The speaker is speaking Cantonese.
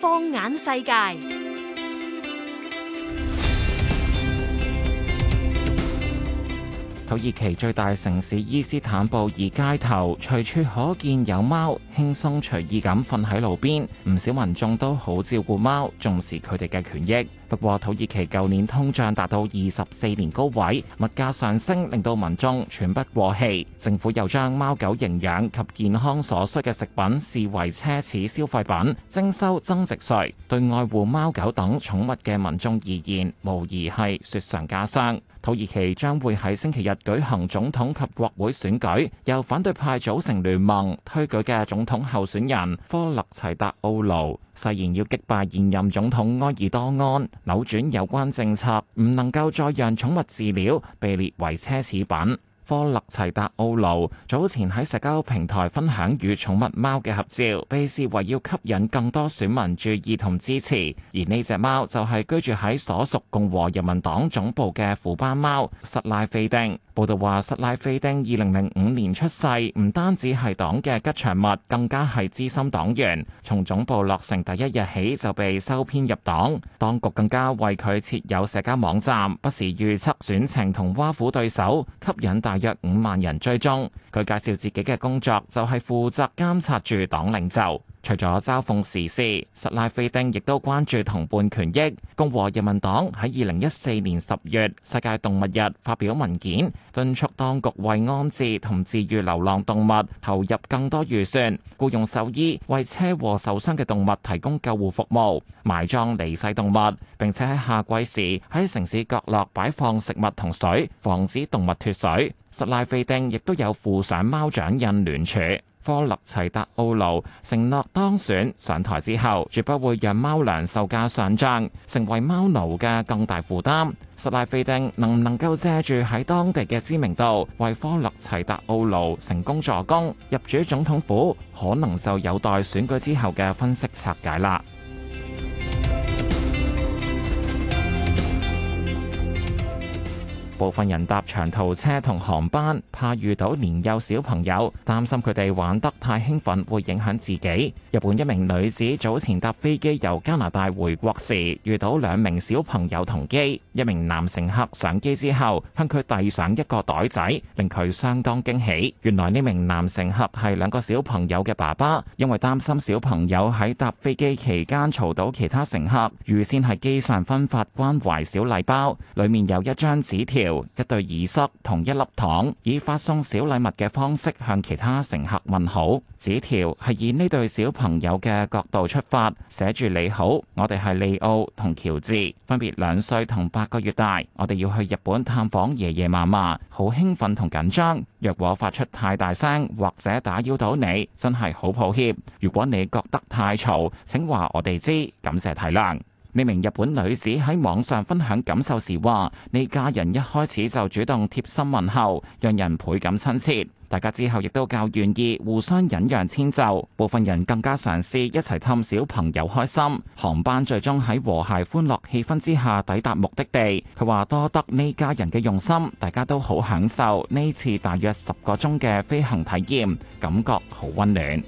放眼世界。土耳其最大城市伊斯坦布爾街頭，隨處可見有貓，輕鬆隨意咁瞓喺路邊。唔少民眾都好照顧貓，重視佢哋嘅權益。不過土耳其舊年通脹達到二十四年高位，物價上升令到民眾喘不過氣。政府又將貓狗營養及健康所需嘅食品視為奢侈消費品，徵收增值稅。對愛護貓狗等寵物嘅民眾而言，無疑係雪上加霜。土耳其將會喺星期日舉行總統及國會選舉，由反對派組成聯盟推舉嘅總統候選人科勒齊達奧盧誓言要擊敗現任總統埃爾多安，扭轉有關政策，唔能夠再讓寵物治療被列為奢侈品。科勒齊達奧盧早前喺社交平台分享與寵物貓嘅合照，被視為要吸引更多選民注意同支持。而呢隻貓就係居住喺所屬共和人民黨總部嘅虎斑貓，實拉菲丁。報道話，塞拉菲丁二零零五年出世，唔單止係黨嘅吉祥物，更加係資深黨員。從總部落成第一日起就被收編入黨，當局更加為佢設有社交網站，不時預測選情同挖苦對手，吸引大約五萬人追蹤。佢介紹自己嘅工作就係、是、負責監察住黨領袖。除咗嘲諷時事，薩拉菲丁亦都關注同伴權益。共和人民黨喺二零一四年十月世界動物日發表文件，敦促當局為安置同治癒流浪動物投入更多預算，僱用獸醫為車禍受傷嘅動物提供救護服務、埋葬離世動物，並且喺夏季時喺城市角落擺放食物同水，防止動物脱水。薩拉菲丁亦都有附上貓掌印聯署。科勒齊達奧盧承諾當選上台之後，絕不會讓貓糧售價上漲，成為貓奴嘅更大負擔。實乃費定能唔能夠借住喺當地嘅知名度，為科勒齊達奧盧成功助攻入主總統府，可能就有待選舉之後嘅分析拆解啦。部分人搭長途車同航班，怕遇到年幼小朋友，擔心佢哋玩得太興奮會影響自己。日本一名女子早前搭飛機由加拿大回國時，遇到兩名小朋友同機，一名男乘客上機之後向佢遞上一個袋仔，令佢相當驚喜。原來呢名男乘客係兩個小朋友嘅爸爸，因為擔心小朋友喺搭飛機期間吵到其他乘客，預先係機上分發關懷小禮包，裏面有一張紙條。一對耳塞同一粒糖，以發送小禮物嘅方式向其他乘客問好。紙條係以呢對小朋友嘅角度出發，寫住你好，我哋係利奧同喬治，分別兩歲同八個月大，我哋要去日本探訪爺爺嫲嫲，好興奮同緊張。若果發出太大聲或者打擾到你，真係好抱歉。如果你覺得太嘈，請話我哋知，感謝體諒。呢名日本女子喺網上分享感受時話，呢家人一開始就主動貼心問候，讓人倍感親切。大家之後亦都較願意互相忍讓遷就，部分人更加嘗試一齊氹小朋友開心。航班最終喺和諧歡樂氣氛之下抵達目的地。佢話多得呢家人嘅用心，大家都好享受呢次大約十個鐘嘅飛行體驗，感覺好溫暖。